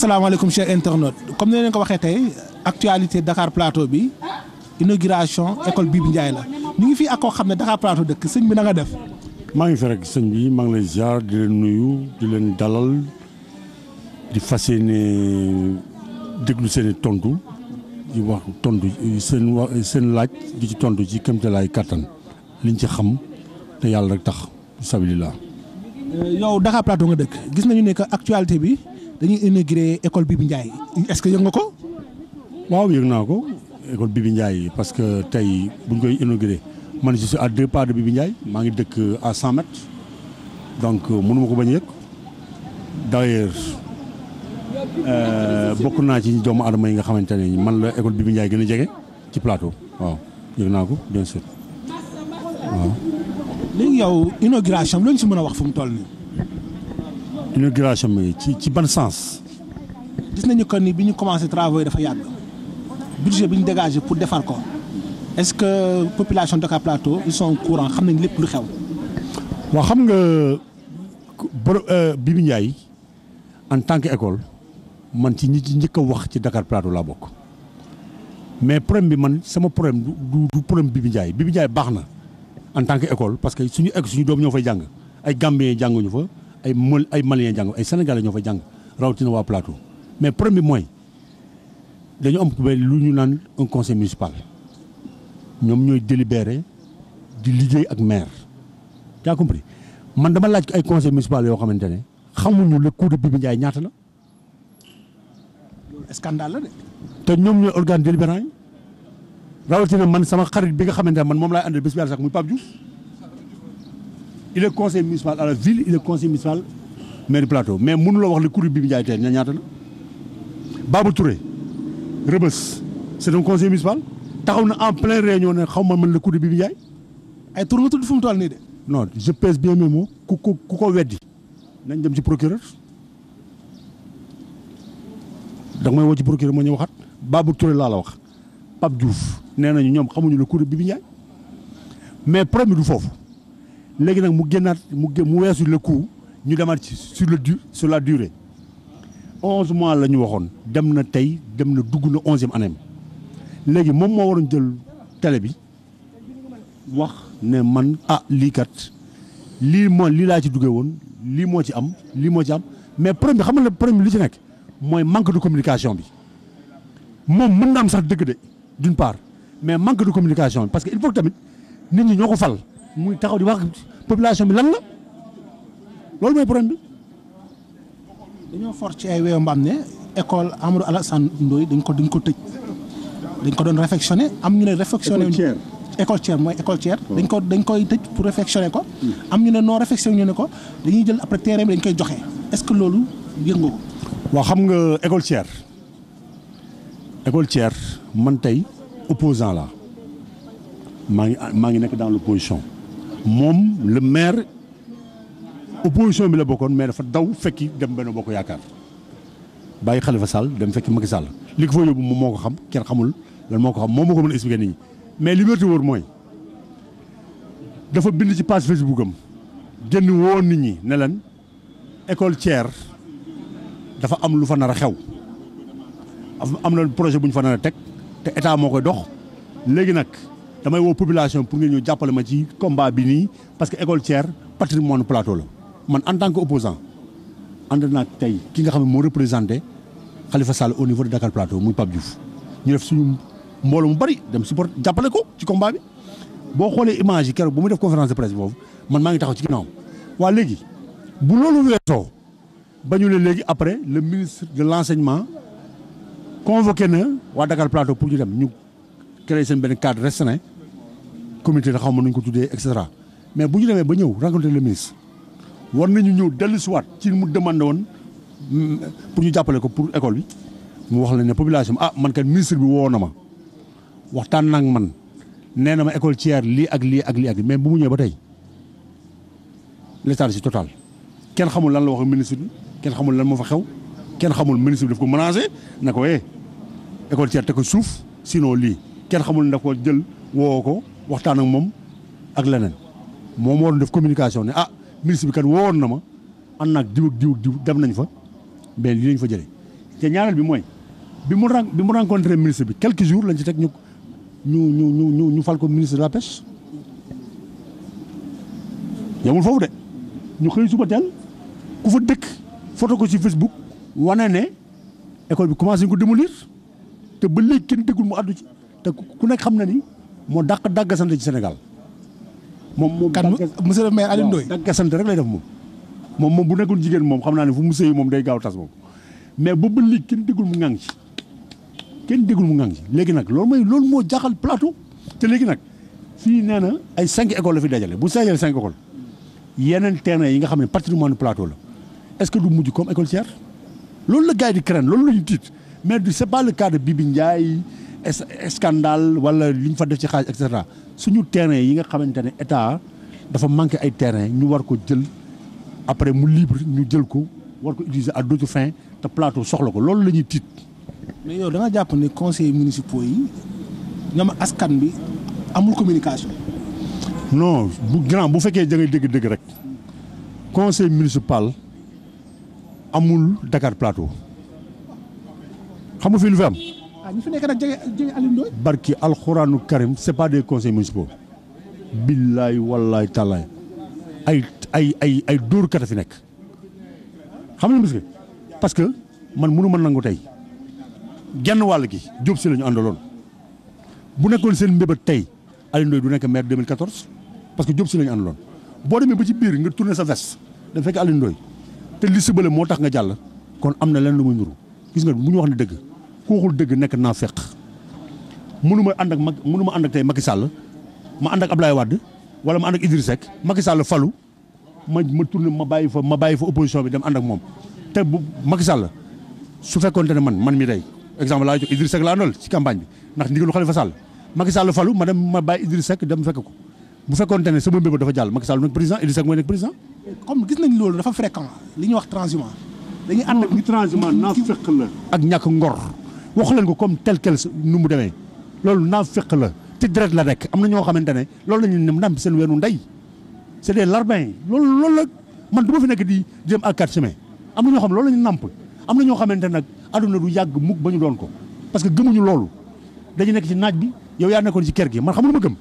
Assalamualaikum chers internautes comme nous l'avons ko actualité Dakar Plateau inauguration école Bibi la ñu ngi Dakar Plateau dëkk sëñ bi nga def. maa fi rek bi lay ziar di leen nuyu di leen dalal di fas yéene déglu C'est i di wax des wa di ci tontu ci kéemtalaay des liñ ci xam te tax des Dakar Plateau nga gis nañu que actualité dañuy inauguré école bi Ndiaye est-ce que yëg nga ko. waaw yëg naa ko école Bibi Ndiaye parce que tey bu koy inauguré man je suis à deux bi de Bibi maa ngi dëkk à cent donc euh, mënuma ko bañ a yëg d'ailleurs euh, bokk naa ci doomu adama yi nga xamante ne man la école bi Ndiaye gën a jege ci plateau waaw yëg naa ko bien sûr waaw. léegi yow inauguration bi lañ si mën a wax fu mu toll nii. une grâce bi ci ci ban sens. gis nañu que ni bi ñu commencé travaux yi dafa yàgg budget bi ñu dégagé pour defar ko est-ce que population de cap Plateau ils sont au courant xam nañ lépp lu xew. waaw xam nga bor euh, en tant que école man ci ñi ci njëkk wax ci Dakar Plateau la bokk mais problème bi man sama problème du problème Bibi Ndiaye Bibi Ndiaye baax en tant que école parce que suñu egg suñu doom ñoo fay jàng ay Gambien jànguñu fa ay mal ay Maliens jàng ay Sénégalais ñoo fa jàng rawatina waa Plateau mais premier mooy dañu am lu ñu naan un conseil municipal ñoom ñooy délibéré di liggéey ak maire. yaa compris man dama laaj ay conseil municipal yoo xamante ne xamuñu le coût de Bibi Ndiaye ñaata la. loolu scandale la de. te ñoom ñooy organe délibérant yi rawatina man sama xarit bi nga xamante ne man moom laay àndal bés sax muy Pape Diouf il est conseil municipal à la ville il est conseil municipal maire plateau mais mënuloo wax le kuréel bi mu jaay tey ña Babou Touré Rebeuss c'est un conseil municipal taxaw en plein réunion ne xaw le man la kuréel bi mu jaay ay tur tout tudd fu non je pèse bien mes mots ku ko ku ko weddi nañ dem ci procureur donc may woo ci procureur moo ñu waxaat Babou Touré laa la wax Pape Diouf nee nañu ñoom xamuñu la kuréel bi mu mais problème du foofu léegi nak mu génnaat mu mu wessu le coup ñu demat ci sur le du sur la durée 11 mois lañu ñu waxoon dem na tey dem na dugg na onzième année léegi moom moo waroon jël télé bi wax né man ah lii kat lii moo lii laa ci duggee won li mo ci am li mo ci am mais premier xam nga premier li ci nek moy manque de communication bi mom mën na am sax dëgg de d'une part mais manque de communication parce que il faut que tamit nit ñi ñoko fal muy taxaw di wax population bi lan la loolu mooy problème bi dañoo for ci ay wéyam ba ne école Amadou Alassane ndoy dañ ko dañ ko tëj dañ ko doon réfectionné am ñu ne réfectionné école tiers mooy école tiers dañ ko dañ koy tëj pour réfectionné ko am ñu ne non réfectionné ñu ne ko dañuy jël après terrain bi dañ koy joxe est-ce que loolu yëg nga ko waaw xam nga école tiers école tiers man tey opposant la maa ngi maa ngi nekk dans l'opposition moom le maire opposition bi la bokkoon mais dafa daw fekki dem benn bokk yakar baye Khalifa Sall dem fekki Macky Sall li ko fa yóbbu moom xam ken xamul lan moko xam momako meun expliquer nit ñi mais liberté wor moy dafa bind ci page Facebook am génn woo nit ñi ne lan école Thier dafa am lu fa nara xew am na projet buñ fa nara tek te état moo koy dox léegi nak damay wo population pour nous nous ma combat parce que école tiers patrimoine plateau man en tant que opposant Khalifa au niveau de Dakar Plateau muy Pape Diouf ñu def suñu mbolo mu bari dem support combat bi image yi conférence de presse man ngi ci wa légui bu après le ministre de l'enseignement convoqué na Dakar Plateau pour ñu dem créé seen benn cadre restreint comité la xaw ma nu ko tuddee et cetera mais bu ñu demee ba ñëw rencontrer le ministre war nañu ñëw dellu si ci mu demandé woon mm, pour ñu jàppale ko pour école bi mu wax la ne population ah man kat ministre bi woo na waxtaan nag man nee na ma école Thiers lii ak lii ak lii ak mais bu mu ba tey l'état si total kenn xamul lan la wax ministre bi kenn xamul lan moo fa xew kenn xamul ministre bi daf ko menacé na ko eh école Thiers te ko suuf sinon lii. kenn xamul ne waxtaan ak ak leneen communication ah ministre bi kat na ma ànd nañ fa fa bi ministre quelques jours lañ ci ñu ñu ñu ñu ñu fal ministre de la pêche yamul foofu de ñu xëy ku fa dëkk ko ci Facebook wane ne école bi démolir te ku nekk xam na ni moo dàq dàggasante ci Sénégal. moom moom kan monsieur le maire Alioune Ndoye dàggasante rek lay def moom. moom bu nekkul jigéen moom xam naa ne fu mu sëyi moom day gaaw tas moom mais ba ba kenn déggul mu ngang ci kenn déggul mu ngang ci léegi nag loolu mooy loolu moo jaaxal plateau te léegi nag fii nee na ay cinq écoles la fi dajale bu dajale cinq écoles yeneen terrain yi nga xam ne patrimoine plateau la est-ce que du mujj comme école Thiers loolu la gars yi di craindre loolu la ñu tiit mais du c'est pas le cas scandale wala li ñu fa def ci xaaj et cetera suñu terrain yi nga xamante ne état dafa manqué ay terrain ñu war ko jël après mu libre ñu jël ko war ko utiliser à d'autres fins te plateau soxla ko loolu la ñuy tiit. mais yow da nga jàpp ne conseils municipaux yi ñoom askan bi amul communication. non bu grand bu fekkee da ngay dégg-dégg rek conseil municipal amul Dakar plateau xam nga fii ah ñu fi nekk nag jege jege Alioune Ndoye. barki alxuraanu karim c'est pas des conseils municipaux. billaay wallaay tallaay ay ay ay ay dóorkat a fi nekk xam nga monsieur parce que man mënu ma nangu tey genn wàll gi Diop si la ñu àndaloon bu nekkoon seen mbébét tey Alioune Ndoye du nekk maire 2014 parce que Diop si la ñu àndaloon boo demee ba ci biir nga tourné sa veste da fekk Alioune Ndoye te li sëbale moo tax nga jàll kon am na leen lu muy nuru gis nga bu ñu wax ne dëgg. ku waxul nek na naafeq mënuma ànd ak mënuma ànd ak tey Macky Sall ma ànd ak Ablaye Wade wala ma ànd ak Idriss Seck Macky falu ma ma tourné ma bàyyi fa ma bàyyi fa opposition bi dem ànd ak te bu Macky Sall su fekkonté man man mi day exemple la jox Idriss Seck laa ci campagne bi ndax ndigalu Khalifa Sall Macky Sall falu ma dem ma bàyyi Idriss Seck dem fekk ko bu fekkonté ne sama mbébé dafa jall Macky Sall nekk président Idriss Seck mooy nekk président. comme gis nañ lolu dafa fréquent li ñu wax transhumance dañuy and ak. transhumance na fekk la. ak ñak ngor. wax leen ko comme tel quel nu mu demee loolu naafeq la te deret la nekk am na ñoo xamante ne loolu la ñu ne ndam seen weenu ndey c'est des larbins loolu loolu la man du ma fi nekk di jëm à quatre chemins am na ñoo xam loolu la ñu nàmp am na ñoo xamante nag na du yàgg mukk ba ñu doon ko parce que gëmuñu loolu dañu nekk ci naaj bi yow yaa nekkoon ci kër gi man xam lu ma gëm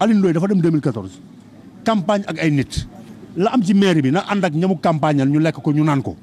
Alioune Ndoye dafa dem 2014 campagne ak ay nit la am ci mairie bi na ànd ak ñamu campagne ñu lekk ko ñu naan ko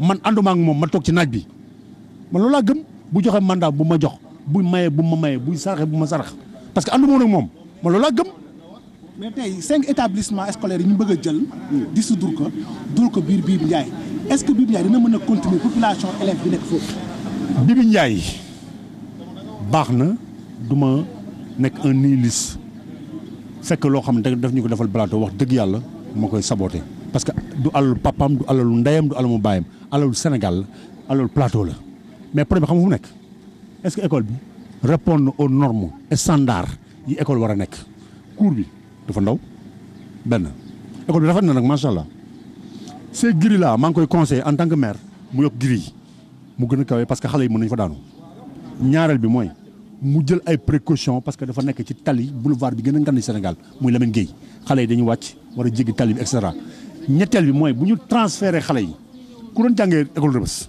man ànduma ak moom ma toog ci naaj bi loolu laa gëm bu joxe mandat bu ma jox bu maye bu ma maye bu bu ma sarax parce que ànduma mais tay cinq établissements scolaires yi ñu bëgg a jël. dissoudre ko ko est-ce que Bibi ndjay dina mëna population élève bi Ndiaye Il un nihiliste que lo xam ne ñu defal plateau wax deug yalla ma koy parce que du papam du ndayam du Sénégal le plateau mais problème xam fu est-ce que école répond aux normes et standards yi école wara nek cours bi dafa ndaw école bi rafet na nak machallah ces guéris là je koy en tant que maire mu parce que xalé yi mën fa daanu ñaaral bi moy mu jël ay précautions parce que dafa boulevard bi Sénégal Lamine yi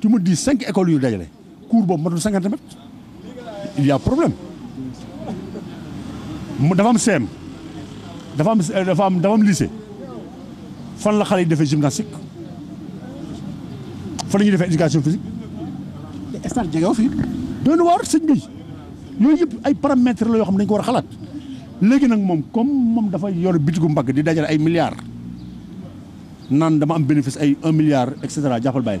tu me dis 5 écoles yu cour bob ma do 50 mètres il y a problème mu dafa am sem dafa am euh, dafa am dafa am lycée fan la xalé yi gymnastique fan la ñu defee éducation physique. stade jege fi. doy na waar sëñ bi yoy yep ay paramètres la yo xam dañ ko war a légui nak mom comme mom dafa yor bitigu mbag di dajale ay milliards nan dama am bénéfice ay 1 milliard et cetera jappal baye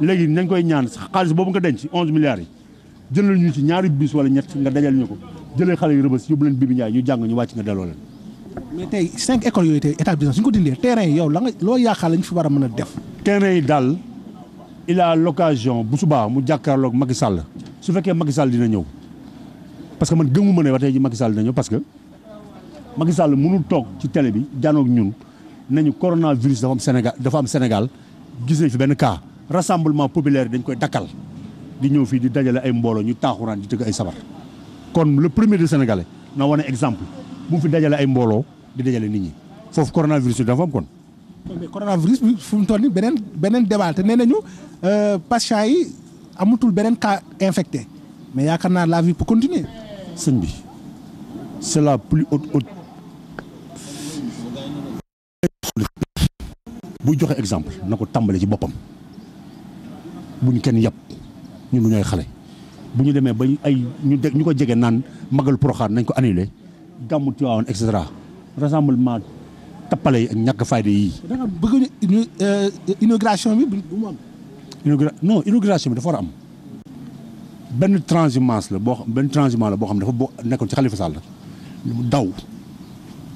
léegi nañ koy ñaan xaalis boobu nga denc onze milliards yi jëlal ñu ci ñaari bis wala ñett nga dajal ñu ko jëlee xale yu rëbës yóbbu leen Bibi Ndiaye ñu jàng ñu wàcc nga delloo leen. mais tey cinq école yooyu tey établissement su ñu ko dindee terrain yi yow la nga loo yaakaar lañ fi war a mën a def. terrain yi daal il a l'occasion bu subaa mu jàkkaarloog Macky Sall su fekkee Macky Sall dina ñëw parce que man gëmuma ne ba tey ji Macky Sall dina ñëw parce que Macky Sall mënul toog ci télé bi janoog ñun nañu coronavirus dafa am Sénégal dafa am Sénégal gis fi benn cas rassemblement populaire dañ koy dakkal di ñëw fii di dajale ay mbooloo ñu taaxuraan di tëgg ay sabar kon le premier de sénégalais na wane exemple bu fi dajale ay mbooloo di dajale nit ñi foofu coronavirus bi dafa am kon. mais coronavirus bi fu mu toll nii beneen beneen débat te nee nañu euh, patients yi amatul beneen ka infecté mais yaakaar naa la vie peut continuer. sëñ bi c'est la plus haute haute. bu exemple na ko tàmbale ci boppam. bu ñu kenn yàpp ñun du ñooy xale bu ñu demee ba ay ñu de ñu ko jege naan magal Porokhane nañ ko annulé gàmmu Tiwaawan et cetera rassemblement tappale yi ak ñàkk fayda yi. da nga euh, bi bu mu am. bi dafa war am benn transhumance la boo xam benn transhumance la boo xam dafa boo nekkoon ci Khalifa Sall daw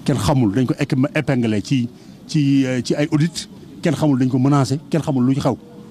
kenn xamul dañ ko épinglé ci ci euh, ci ay audit kenn xamul dañ ko menacé kenn xamul lu ci xaw.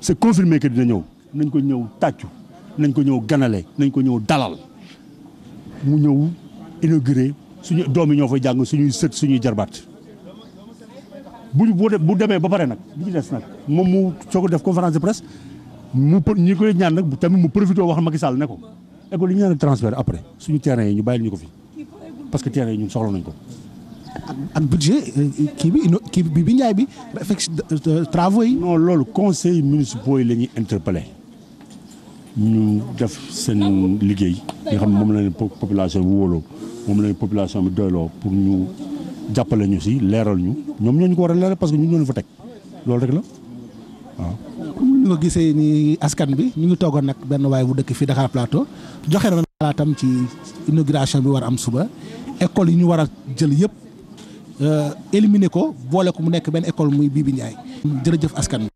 c'est confirmé que dina ñëw nañ ko ñëw tàccu nañ ko ñëw ganale nañ ko ñëw dalal mu ñëw inauguré suñu doom yi ñoo fay jàng suñuy sët suñuy jarbaat bu bu demee ba pare nag li ci des nag moom mu soo ko def conférence de presse mu ñi koy ñaan nag tamit mu profité wax Macky Sall ne ko école yi ñu naan transfert après suñu terrain yi ñu bàyyil ñu ko fi parce que terrain yi ñun soxla nañ ko. ak budget euh, kii bi kii bi bi njaay bi fekk euh, travaux yi. non loolu conseil municipaux yi la ñuy interpellé ñu def seen liggéey nga xam ne moom la leen population bi wóoloo moom la leen population bi doyloo pour ñu jàppale ñu si leeral ñu ñoom ñoo ñu ko war a leeral parce que ñun ñoo ñu fa teg loolu rek la waaw. ni nga gisee ni askan bi ñu ngi toogoon nag benn waaye bu dëkk fii Dakar Plateau joxe na xalaatam ci inauguration bi war am suba école yi ñu war a jël yëpp. Euh, éliminer ko boole ko mu nekk benn école muy Bibi Ndiaye. jërëjëf askan wi.